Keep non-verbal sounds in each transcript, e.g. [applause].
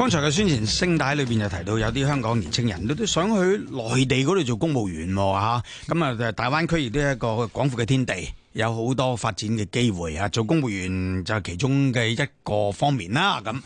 剛才的宣傳聲帶裏面就提到，有些香港年輕人都想去內地那裏做公務員喎，咁啊，大灣區亦都一個廣闊的天地。有好多發展嘅機會啊！做公務員就係其中嘅一個方面啦。咁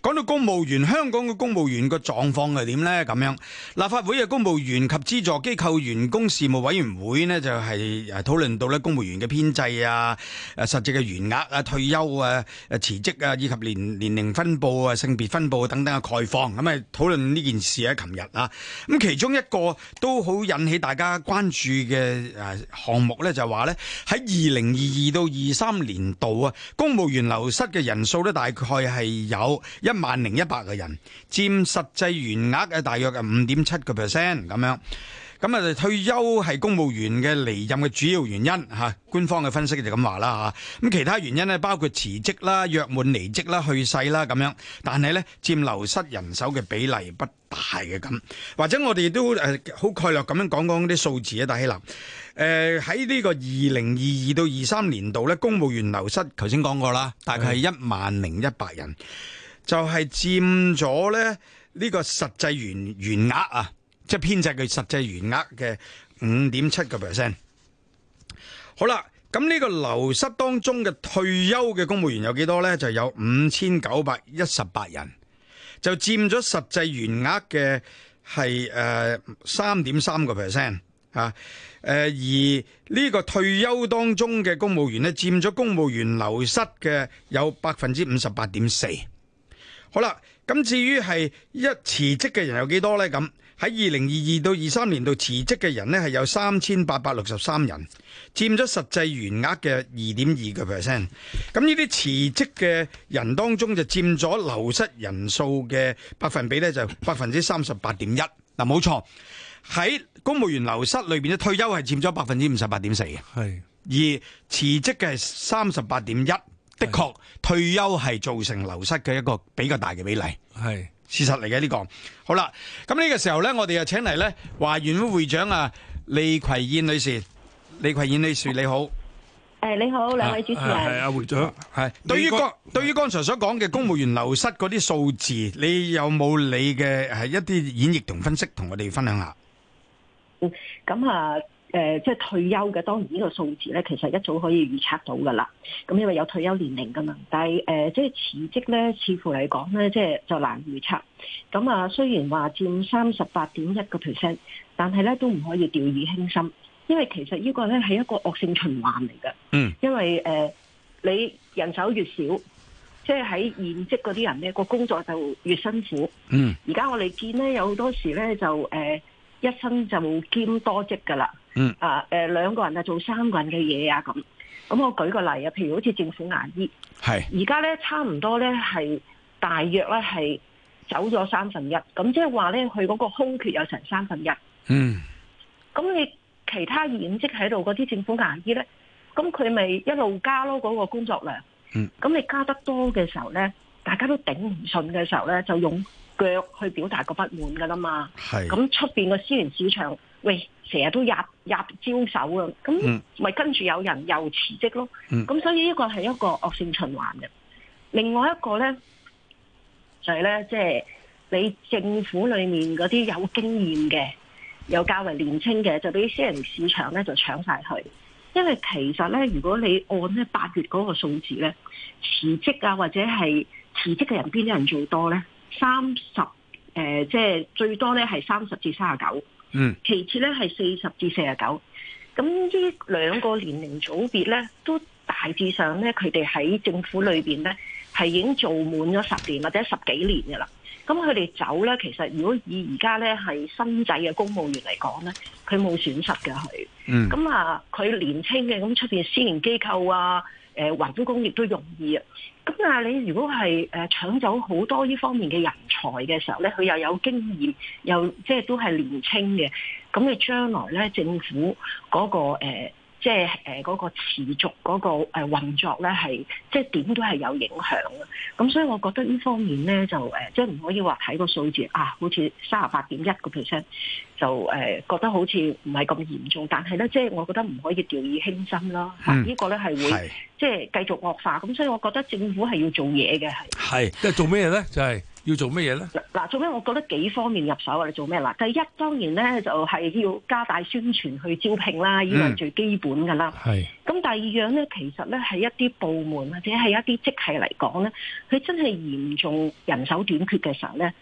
講到公務員，香港嘅公務員個狀況係點呢？咁樣立法會嘅公務員及資助機構員工事務委員會呢，就係討論到咧公務員嘅編制啊、誒實際嘅員額啊、退休啊、誒辭職啊，以及年年齡分佈啊、性別分佈等等嘅概況。咁啊討論呢件事啊，琴日啊，咁其中一個都好引起大家關注嘅誒項目呢就話呢喺。二零二二到二三年度啊，公務員流失嘅人數咧，大概係有一萬零一百個人，佔實際員額嘅大約係五點七個 percent 咁樣。咁啊，退休係公務員嘅離任嘅主要原因吓，啊，官方嘅分析就咁話啦吓。咁、啊、其他原因呢，包括辭職啦、約滿離職啦、去世啦咁樣。但係呢佔流失人手嘅比例不大嘅咁。或者我哋都誒，好概略咁樣講講啲數字啊，大希林。誒、呃，喺呢個二零二二到二三年度呢，公務員流失，頭先講過啦，大概係一萬零一百人，就係佔咗呢呢個實際員員額啊。即係編制佢實際餘額嘅五點七個 percent。好啦，咁呢個流失當中嘅退休嘅公務員有幾多咧？就有五千九百一十八人，就佔咗實際餘額嘅係誒三點三個 percent 吓。誒、呃啊呃，而呢個退休當中嘅公務員咧，佔咗公務員流失嘅有百分之五十八點四。好啦，咁至於係一辭職嘅人有幾多咧？咁。喺二零二二到二三年度辭職嘅人呢，係有三千八百六十三人，佔咗實際原額嘅二點二個 percent。咁呢啲辭職嘅人當中就佔咗流失人數嘅百分比呢，就百分之三十八點一。嗱，冇錯，喺公務員流失裏邊咧，退休係佔咗百分之五十八點四嘅。係而辭職嘅三十八點一，的確退休係造成流失嘅一個比較大嘅比例。係。事實嚟嘅呢個，好啦，咁呢個時候咧，我哋又請嚟咧，華員會會長啊，利葵燕女士。利葵燕女士你好，誒、哎、你好，兩位主持人係阿、啊啊、會長係、啊，對於剛對於剛才所講嘅公務員流失嗰啲數字，你有冇你嘅係一啲演繹同分析，同我哋分享一下？嗯，咁啊。誒、呃，即、就、係、是、退休嘅，當然呢個數字咧，其實一早可以預測到噶啦。咁因為有退休年齡噶嘛，但係誒，即、呃、係、就是、辭職咧，似乎嚟講咧，即、就、係、是、就難預測。咁啊，雖然話佔三十八點一個 percent，但係咧都唔可以掉以輕心，因為其實呢個咧係一個惡性循環嚟噶。嗯、mm。因為誒、呃，你人手越少，即係喺現職嗰啲人咧，個工作就越辛苦。嗯。而家我哋見咧，有好多時咧就誒。呃一生就兼多職噶啦，嗯啊，誒、呃，兩個人啊做三個人嘅嘢啊咁，咁我舉個例啊，譬如好似政府牙醫，係，而家咧差唔多咧係大約咧係走咗三分一，咁即係話咧佢嗰個空缺有成三分一，嗯，咁你其他現職喺度嗰啲政府牙醫咧，咁佢咪一路加咯嗰、那個工作量，嗯，咁你加得多嘅時候咧？大家都頂唔順嘅時候咧，就用腳去表達個不滿噶啦嘛。係咁出面個私人市場，喂，成日都入入招手啊。咁咪跟住有人又辭職咯。咁、嗯、所以呢個係一個惡性循環嘅。另外一個咧就係、是、咧，即、就、係、是、你政府裏面嗰啲有經驗嘅，有較為年青嘅，就俾私人市場咧就搶晒去。因為其實咧，如果你按咧八月嗰個數字咧，辭職啊或者係辭職嘅人邊啲人最多咧？三十，即係最多咧，係三十至三十九。嗯，其次咧係四十至四十九。咁呢兩個年齡組別咧，都大致上咧，佢哋喺政府裏面咧，係已經做滿咗十年或者十幾年嘅啦。咁佢哋走咧，其實如果以而家咧係新制嘅公務員嚟講咧，佢冇損失嘅佢。嗯，咁啊，佢年輕嘅咁出邊私營機構啊。誒，環境工業都容易啊！咁啊，你如果係誒搶走好多呢方面嘅人才嘅時候咧，佢又有經驗，又即係都係年青嘅，咁你將來咧，政府嗰個、那個、欸即係誒嗰個持續嗰、嗰個誒、呃、運作咧，係即係點都係有影響啦。咁所以我覺得呢方面咧，就誒即係唔可以話睇個數字啊，好似三十八點一個 percent 就誒、呃、覺得好似唔係咁嚴重，但係咧即係我覺得唔可以掉以輕心啦。啊、嗯，呢個咧係會係即係繼續惡化，咁所以我覺得政府係要做嘢嘅，係係即係做咩咧？就係、係。要做咩嘢咧？嗱，做咩？我覺得幾方面入手啊！你做咩嗱，第一當然咧，就係要加大宣傳去招聘啦，呢個係最基本噶啦。係。咁第二樣咧，其實咧係一啲部門或者係一啲職系嚟講咧，佢真係嚴重人手短缺嘅時候咧，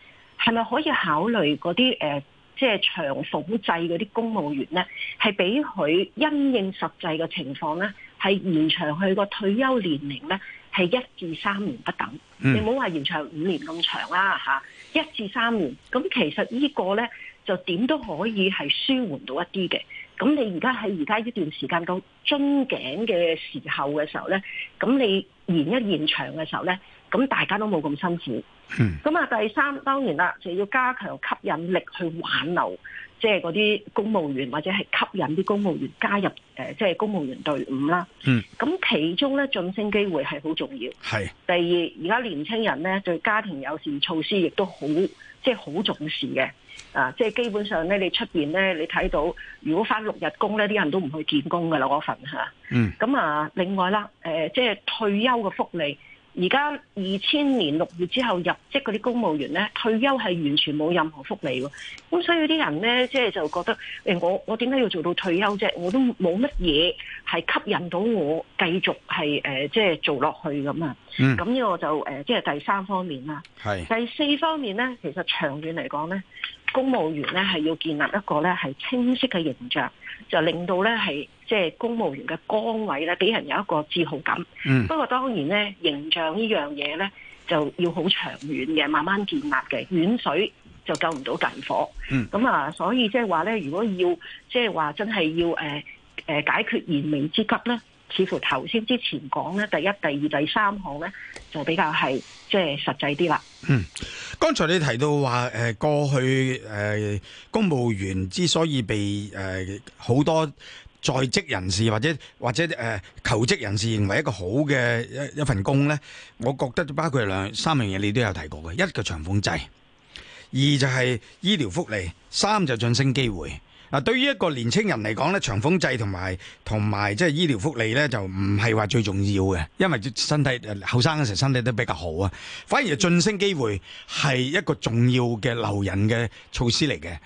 係咪可以考慮嗰啲誒，即係長俸制嗰啲公務員咧，係俾佢因應實際嘅情況咧，係延長佢個退休年齡咧？係一至三年不等，嗯、你唔好話延長五年咁長啦，啊、嚇，一至三年，咁其實呢個呢個咧就點都可以係舒緩到一啲嘅。咁你而家喺而家呢段時間到樽頸嘅時候嘅時候咧，咁你。延一延長嘅時候咧，咁大家都冇咁辛苦。嗯。咁啊，第三當然啦，就要加強吸引力去挽留，即係嗰啲公務員或者係吸引啲公務員加入誒，即係公務員隊伍啦。嗯。咁其中咧晉升機會係好重要。係。第二，而家年青人咧對家庭友善措施亦都好，即係好重視嘅。啊，即係基本上咧，你出邊咧，你睇到如果翻六日工咧，啲人都唔去見工噶啦，嗰份吓。嗯。咁啊，另外啦，誒、呃，即係退休嘅福利，而家二千年六月之後入職嗰啲公務員咧，退休係完全冇任何福利。咁所以啲人咧，即係就覺得誒、哎，我我點解要做到退休啫？我都冇乜嘢係吸引到我繼續係誒、呃，即係做落去㗎嘛。咁、嗯、呢個就誒、呃，即係第三方面啦。係。第四方面咧，其實長遠嚟講咧。公務員咧係要建立一個咧係清晰嘅形象，就令到咧係即係公務員嘅崗位咧俾人有一個自豪感。嗯、不過當然咧，形象呢樣嘢咧就要好長遠嘅，慢慢建立嘅。遠水就救唔到近火。咁、嗯、啊，所以即係話咧，如果要即係話真係要誒誒、呃呃、解決燃眉之急咧。似乎頭先之前講咧，第一、第二、第三項咧，就比較係即係實際啲啦。嗯，剛才你提到話誒、呃、過去誒、呃、公務員之所以被誒好、呃、多在職人士或者或者誒、呃、求職人士認為一個好嘅一一份工咧，我覺得包括兩三樣嘢，你都有提過嘅。一個長俸制，二就係醫療福利，三就晉升機會。對於一個年青人嚟講咧，長俸制同埋同埋即係醫療福利咧，就唔係話最重要嘅，因為身體後生嘅時候，身體都比較好啊。反而晉升機會係一個重要嘅留人嘅措施嚟嘅。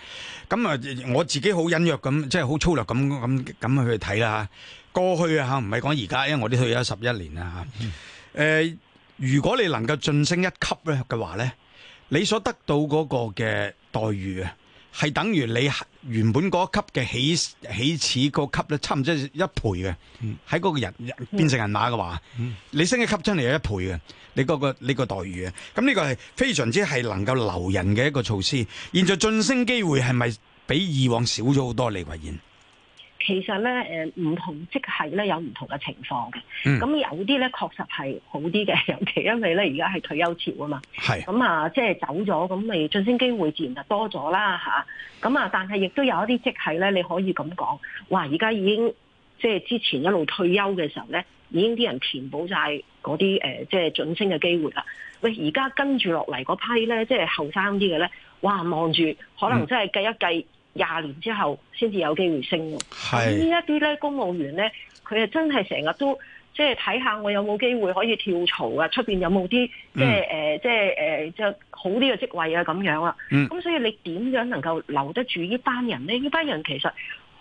咁啊，我自己好隱約咁，即係好粗略咁咁咁去睇啦。過去啊，唔係講而家，因為我都去咗十一年啦。誒，如果你能夠晉升一級咧嘅話咧，你所得到嗰個嘅待遇啊，係等於你原本嗰級嘅起起始個級咧，差唔多一倍嘅。喺、嗯、嗰個人變成人馬嘅話、嗯，你升嘅級真係有一倍嘅，你嗰、嗰個你個待遇嘅。咁呢個係非常之係能夠留人嘅一個措施。現在晉升機會係咪比以往少咗好多？利葵燕？其實咧，誒唔同職系咧有唔同嘅情況嘅。咁有啲咧確實係好啲嘅，尤其因為咧而家係退休潮啊嘛。係。咁、嗯、啊，即係走咗，咁咪晉升機會自然就多咗啦嚇。咁啊，但係亦都有一啲職系咧，你可以咁講，哇！而家已經即係之前一路退休嘅時候咧，已經啲人填補晒嗰啲誒，即係晉升嘅機會啦。喂、哎，而家跟住落嚟嗰批咧，即係後生啲嘅咧，哇！望住可能真係計一計，嗯廿年之後先至有機會升喎，呢一啲咧公務員咧，佢係真係成日都即係睇下我有冇機會可以跳槽啊，出邊有冇啲、嗯呃、即係誒、呃、即係誒、呃、即係好啲嘅職位啊咁樣啊，咁、嗯、所以你點樣能夠留得住呢班人咧？呢班人其實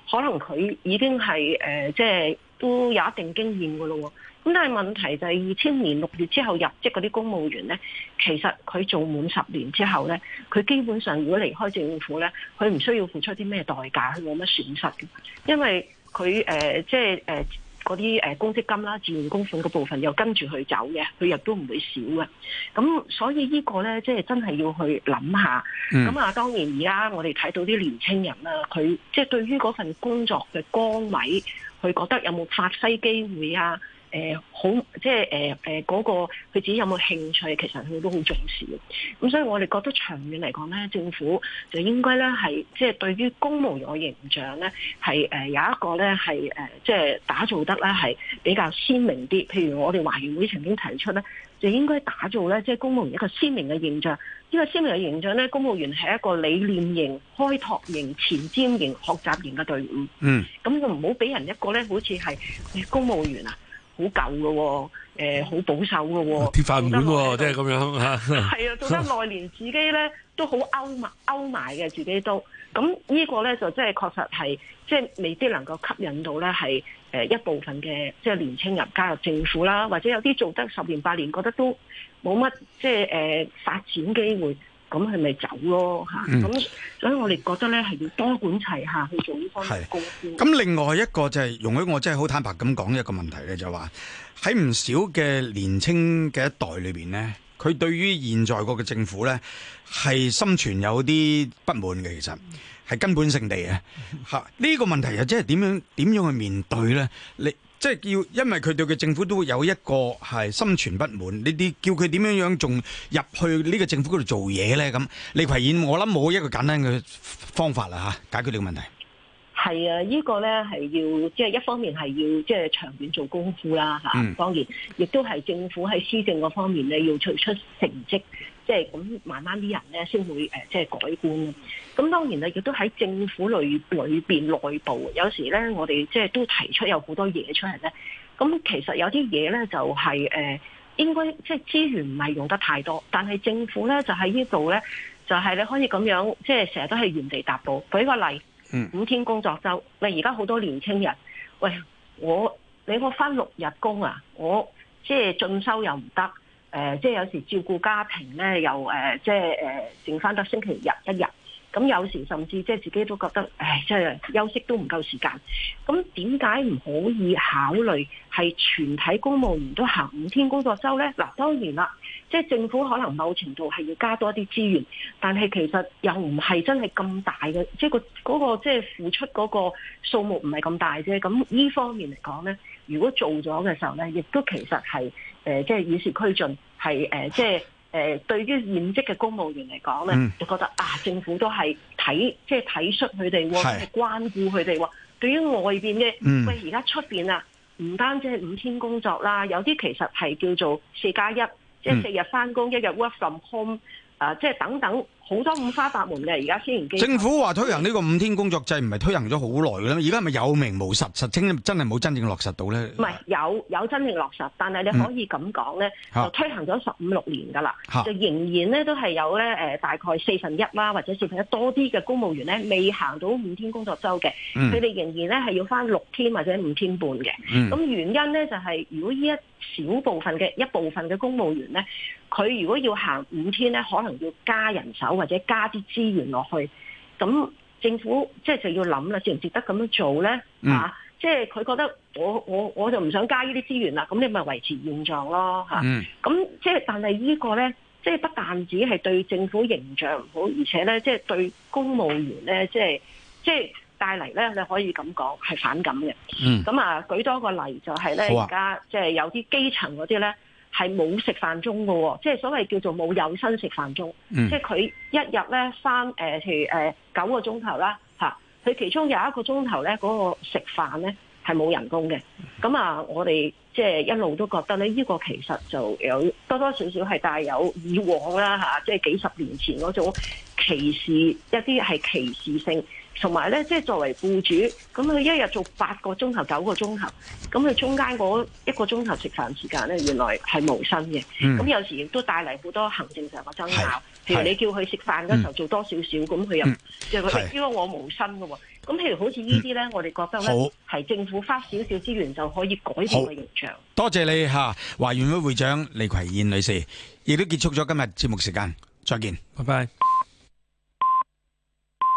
可能佢已經係誒、呃、即係都有一定經驗嘅咯喎。咁但係問題就係二千年六月之後入職嗰啲公務員咧，其實佢做滿十年之後咧，佢基本上如果離開政府咧，佢唔需要付出啲咩代價，佢冇乜損失嘅，因為佢誒、呃、即係誒嗰啲誒公積金啦、自願公款嗰部分又跟住佢走嘅，佢亦都唔會少嘅。咁所以這個呢個咧，即係真係要去諗下。咁、嗯、啊，當然而家我哋睇到啲年青人啦，佢即係對於嗰份工作嘅崗位，佢覺得有冇發揮機會啊？誒、呃，好，即係誒誒，嗰、呃呃那個佢自己有冇興趣？其實佢都好重視嘅。咁所以我哋覺得長遠嚟講咧，政府就應該咧係，即係對於公務員嘅形象咧，係誒、呃、有一個咧係誒，即係打造得咧係比較鮮明啲。譬如我哋華員會曾經提出咧，就應該打造咧即係公務員一個鮮明嘅形象。呢個鮮明嘅形象咧，公務員係一個理念型、開拓型、前瞻型、學習型嘅隊伍。嗯，咁我唔好俾人一個咧，好似係、欸、公務員啊。好舊嘅喎、哦，好、呃、保守嘅喎、哦啊，鐵飯碗喎，即係咁樣嚇。係啊，做得耐、 [laughs] 啊、年自己咧都好勾，勾埋勾埋嘅自己都。咁呢個咧就真係確實係即係未必能夠吸引到咧係誒一部分嘅即係年輕人加入政府啦，或者有啲做得十年八年覺得都冇乜即係誒發展機會。咁係咪走咯？吓咁，所以我哋覺得咧，係要多管齊下去做呢方面嘅工作。咁另外一個就係容許我真係好坦白咁講一個問題咧，就話喺唔少嘅年輕嘅一代裏邊咧，佢對於現在個嘅政府咧係心存有啲不滿嘅，其實係根本性地啊嚇呢個問題又即係點樣點樣去面對咧？你？即係要，因為佢對佢政府都會有一個係心存不滿，你啲叫佢點樣樣仲入去呢個政府嗰度做嘢咧？咁利葵燕，我諗冇一個簡單嘅方法啦吓，解決呢個問題。係啊，呢、這個咧係要即係、就是、一方面係要即係、就是、長遠做功夫啦嚇、嗯。當然，亦都係政府喺施政嗰方面咧要做出成績，即係咁慢慢啲人咧先會誒即係改觀。咁當然啊，亦都喺政府內裏邊內部，有時咧我哋即係都提出有好多嘢出嚟咧。咁其實有啲嘢咧就係、是、誒應該即係、就是、資源唔係用得太多，但係政府咧就喺呢度咧就係、是、你可以咁樣即係成日都係原地踏步。舉個例。嗯、五天工作周，喂，而家好多年輕人，喂，我你我翻六日工啊，我即係進修又唔得，誒、呃，即係有時照顧家庭咧，又誒、呃，即係誒、呃，剩翻得星期日一日。咁有時甚至即係自己都覺得，唉，即係休息都唔夠時間。咁點解唔可以考慮係全體公務員都行五天工作周咧？嗱，當然啦，即係政府可能某程度係要加多啲資源，但係其實又唔係真係咁大嘅，即係個嗰個即係付出嗰個數目唔係咁大啫。咁呢方面嚟講咧，如果做咗嘅時候咧，亦都其實係誒，即係與時俱進，係誒，即係。誒、呃、對於現職嘅公務員嚟講咧，就覺得啊，政府都係睇，即係睇恤佢哋，即係關顧佢哋。對於外邊嘅、嗯，喂而家出邊啊，唔單止係五天工作啦，有啲其實係叫做四加一，即係四日翻工，一日 work from home，啊，即係等等。好多五花八門嘅而家先政府話推行呢個五天工作制，唔係推行咗好耐嘅啦。而家係咪有名無實，實踐真係冇真正落實到呢？唔係有有真正落實，但係你可以咁講呢，就推行咗十五六年㗎啦，就仍然呢都係有呢、呃、大概四分一啦，或者四分一多一多啲嘅公務員呢，未行到五天工作週嘅，佢、嗯、哋仍然呢係要翻六天或者五天半嘅。咁、嗯、原因呢就係、是、如果呢一小部分嘅一部分嘅公務員呢，佢如果要行五天呢，可能要加人手。或者加啲資源落去，咁政府即係就要諗啦，值唔值得咁樣做咧、嗯？啊，即係佢覺得我我我就唔想加呢啲資源啦，咁你咪維持現狀咯嚇。咁即係但係呢個咧，即係不但止係對政府形象唔好，而且咧即係對公務員咧，即係即係帶嚟咧，你可以咁講係反感嘅。咁、嗯、啊，舉多個例就係、是、咧，而家即係有啲基層嗰啲咧，係冇食飯鐘嘅喎，即係所謂叫做冇有薪食飯鐘、嗯，即係佢一日咧翻誒譬如誒九個鐘頭啦嚇，佢、啊、其中有一個鐘頭咧嗰個食飯咧係冇人工嘅，咁啊我哋即係一路都覺得咧呢、呢個其實就有多多少少係帶有以往啦嚇、啊，即係幾十年前嗰種歧視一啲係歧視性。同埋咧，即係作為僱主，咁佢一日做八個鐘頭、九個鐘頭，咁佢中間嗰一個鐘頭食飯時間咧，原來係無薪嘅。咁、嗯、有時亦都帶嚟好多行政上嘅爭拗。譬如你叫佢食飯嗰時候、嗯、做多少少，咁佢又即係佢，因為我無薪嘅喎。咁譬如好似呢啲咧、嗯，我哋覺得咧係政府花少少資源就可以改善嘅形象。多謝你嚇、啊，華員會會長利葵燕女士，亦都結束咗今日節目時間，再見，拜拜。